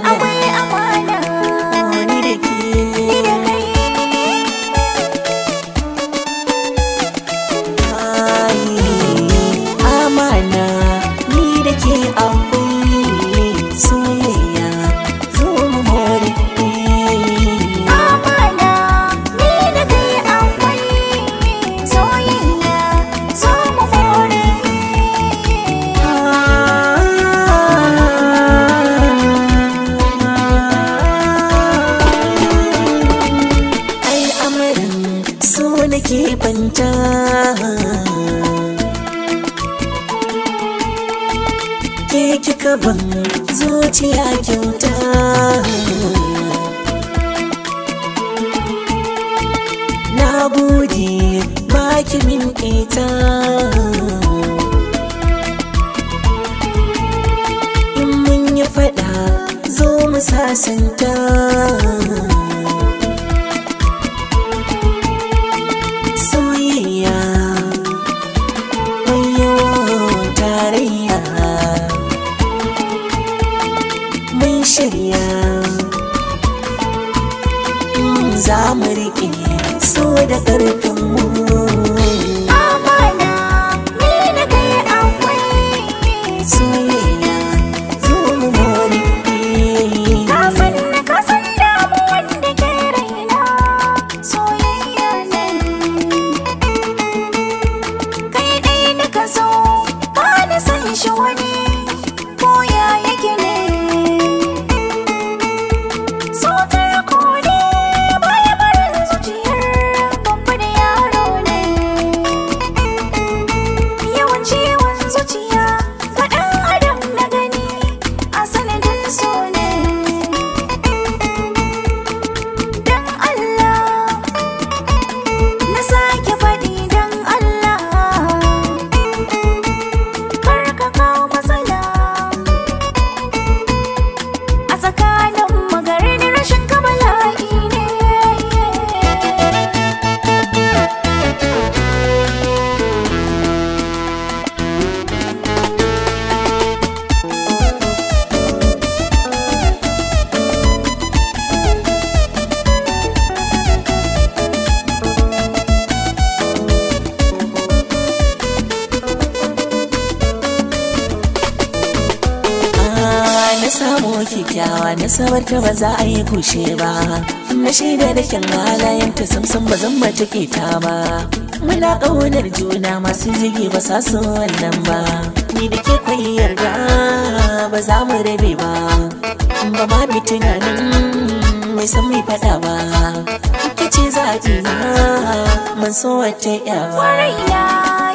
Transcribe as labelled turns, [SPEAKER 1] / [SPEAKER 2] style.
[SPEAKER 1] I went
[SPEAKER 2] bambanta ke kika ban zuciya kyauta na gode baki min keta. in mun yi fada zo mu sasanta za mu
[SPEAKER 1] so da ƙarfin mu ni akwai
[SPEAKER 2] samu kyakkyawa sabar ta ba za a yi kushe ba na shaida da kyan halayen ta samsan ba zan mace ta ba muna ƙaunar juna masu jigi ba sa su wannan ba ni da ke kwai yarda ba za mu rabe ba ba ma mai tunanin mai san mai faɗa ba ke ce za a na man so wacce yawa